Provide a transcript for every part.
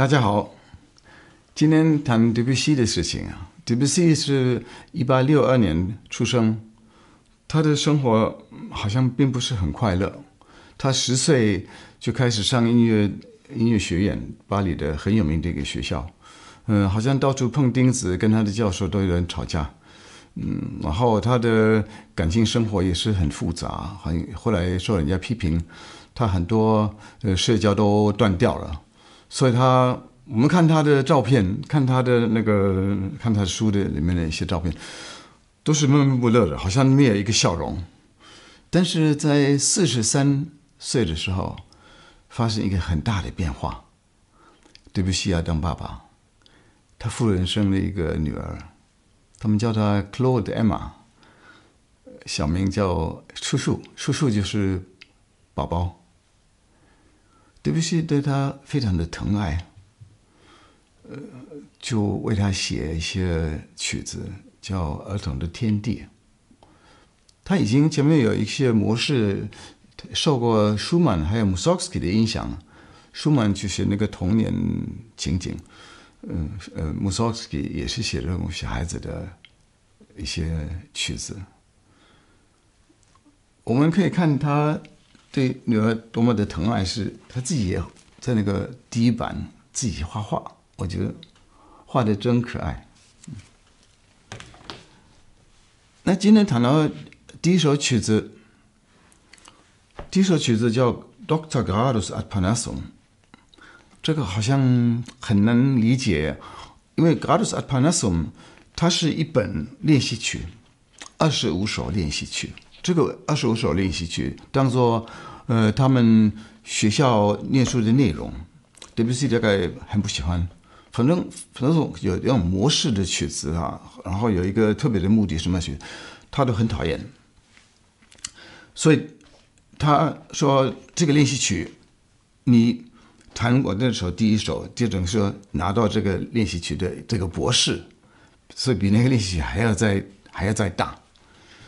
大家好，今天談德布西的事情啊。德布西是一八六二年出生，他的生活好像並不是很快樂。他十歲就開始上音樂音樂學院，巴黎的很有名的一個學校。嗯、呃，好像到處碰釘子，跟他的教授都有人吵架。嗯，然後他的感情生活也是很複雜，很後來受人家批評，他很多呃社交都斷掉了。所以他，我們看他的照片，看他的那個，看他書的裡面的一些照片，都是悶悶不樂的，好像沒有一個笑容。但是在四十三歲的時候，發生一個很大的變化，對不起，啊，當爸爸。他夫人生了一個女兒，他們叫她 Claude Emma，小名叫叔叔，叔叔就是寶寶。德布西對他非常的疼愛，呃，就為他寫一些曲子，叫《兒童的天地》。他已經前面有一些模式，受過舒曼還有穆索斯基的影響。舒曼就是那個童年情景，嗯呃，穆索斯基也是寫這種小孩子的一些曲子。我們可以看他。對女兒多麼的疼愛，是她自己也在那個地板自己畫畫，我覺得畫的真可愛，嗯。那今天談到第一首曲子，第一首曲子叫《Doctor Gradus Ad Parnassum》，這個好像很難理解，因為《Gradus Ad Parnassum》，它是一本練習曲，二十五首練習曲。這個二十五首練習曲當做，呃，他們學校念書的內容，德布西大概很不喜歡。反正反正說有那種模式的曲子啊，然後有一個特別的目的什麼曲，他都很討厭。所以他說這個練習曲，你彈我那首第一首，這種說拿到這個練習曲的這個博士，所以比那個練習還要再還要再大，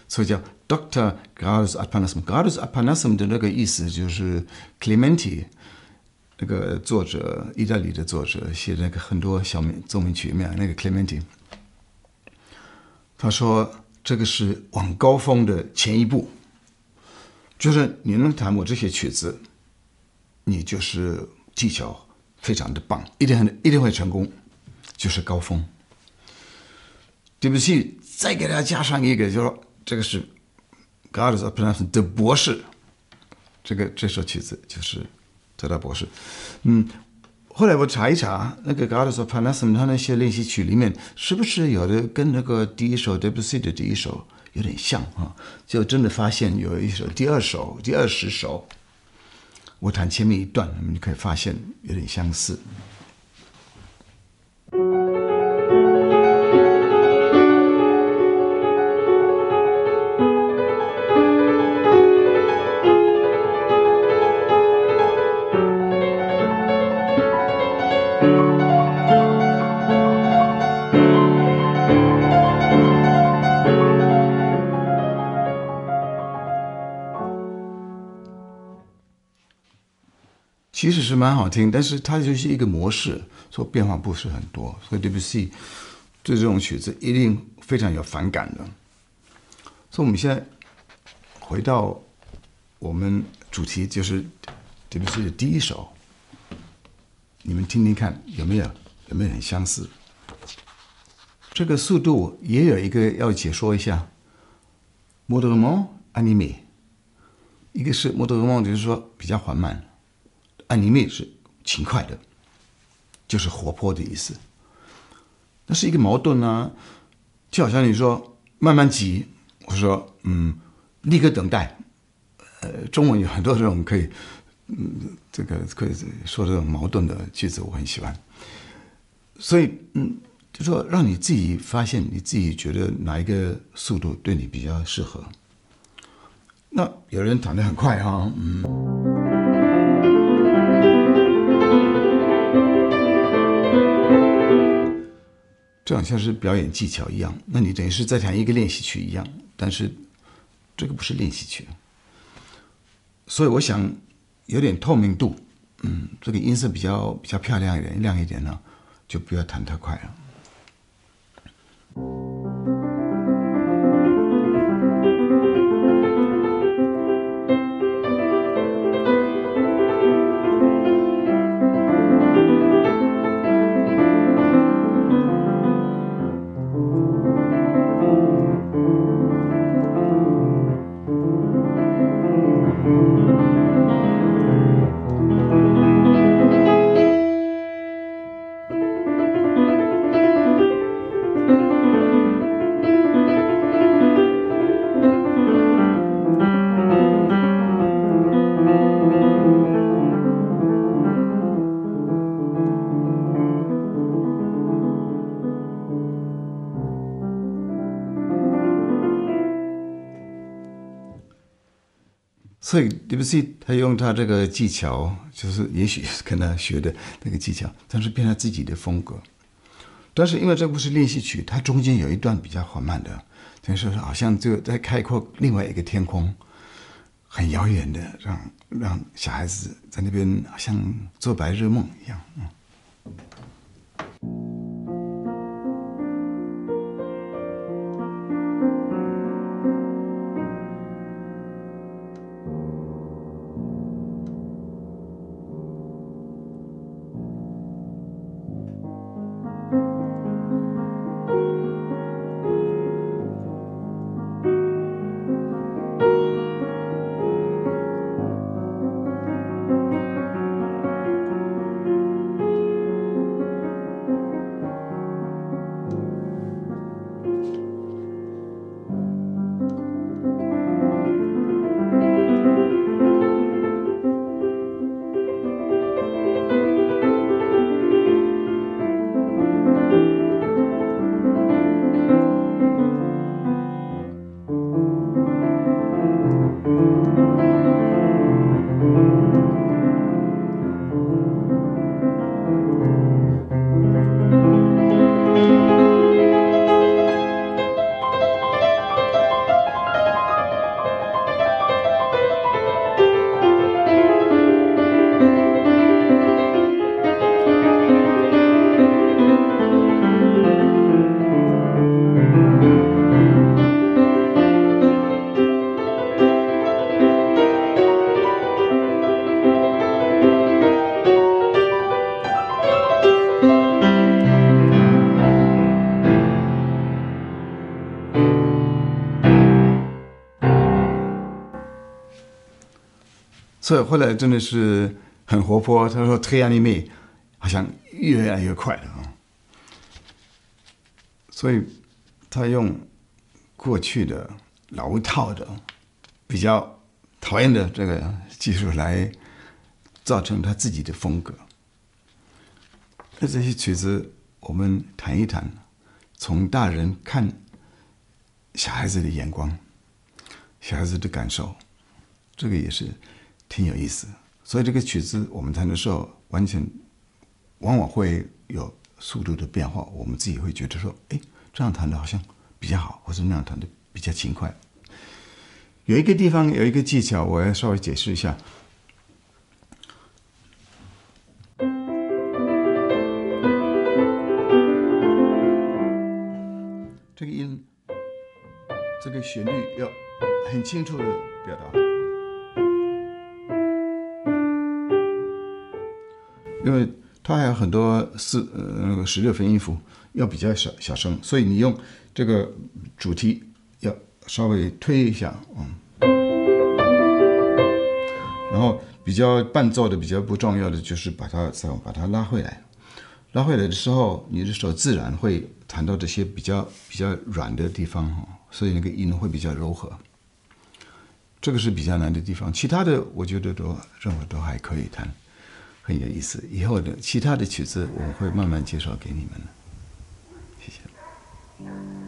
所以叫。Doctor Gradus ad Parnassum，Gradus ad Parnassum 的那個意思就是 Clementi 那個作者，意大利的作者寫的那個很多小名奏鳴曲裡面那個 Clementi，他說這個是往高峰的前一步，就是你能彈我這些曲子，你就是技巧非常的棒，一定很一定會成功，就是高峰。對不起，再給大家加上一個，就說這個是。Gradus ad Parnassum 的博士，這個這首曲子就是《德大博士》。嗯，後來我查一查那個 Gradus ad Parnassum 他那些練習曲裡面，是不是有的跟那個第一首 Debussy 的第一首有點像啊？就真的發現有一首第二首第二十首，我彈前面一段，你們就可以發現有點相似。其實是蠻好聽，但是它就是一個模式，說變化不是很多，所以 Debussy 對這種曲子一定非常有反感的。所以我們現在回到我們主題，就是 Debussy 的第一首，你們聽聽看有沒有有沒有很相似？這個速度也有一個要解說一下：Modérément animé，一個是 Modérément 就是說比較緩慢。那你那是勤快的，就是活潑的意思。那是一個矛盾啊，就好像你說慢慢急，我說嗯，立刻等待。呃，中文有很多這種可以，嗯，這個可以說這種矛盾的句子，我很喜歡。所以嗯，就說讓你自己發現你自己覺得哪一個速度對你比較適合。那有人彈得很快啊，哦，嗯。就像是表演技巧一樣，那你等於是在彈一個練習曲一樣，但是這個不是練習曲，所以我想有點透明度，嗯，這個音色比較比較漂亮一點、亮一點呢，啊，就不要彈太快了。所以德布西他用他這個技巧，就是也許是跟他學的那個技巧，但是變成自己的風格。但是因為這不是練習曲，它中間有一段比較緩慢的，就是好像就在開闊另外一個天空，很遙遠的，讓讓小孩子在那邊好像做白日夢一樣，嗯。所以後來真的是很活潑。他說：“推陽里妹好像越來越快了啊。”所以他用過去的老套的、比較討厭的這個技術來造成他自己的風格。那這些曲子，我們彈一彈，從大人看小孩子的眼光，小孩子的感受，這個也是。挺有意思，所以這個曲子我們彈的時候，完全往往會有速度的變化。我們自己會覺得說，哎，這樣彈的好像比較好，或者那樣彈的比較輕快。有一個地方有一個技巧，我要稍微解釋一下。這個音，這個旋律要很清楚的表達。因為它還有很多四，呃、那個十六分音符要比較小小聲，所以你用這個主題要稍微推一下嗯。然後比較伴奏的比較不重要的，就是把它再把它拉回來，拉回來的時候你的手自然會彈到這些比較比較軟的地方啊，所以那個音會比較柔和，這個是比較難的地方，其他的我覺得都任何都還可以彈。很有意思，以後的其他的曲子我會慢慢介紹給你們的，謝謝。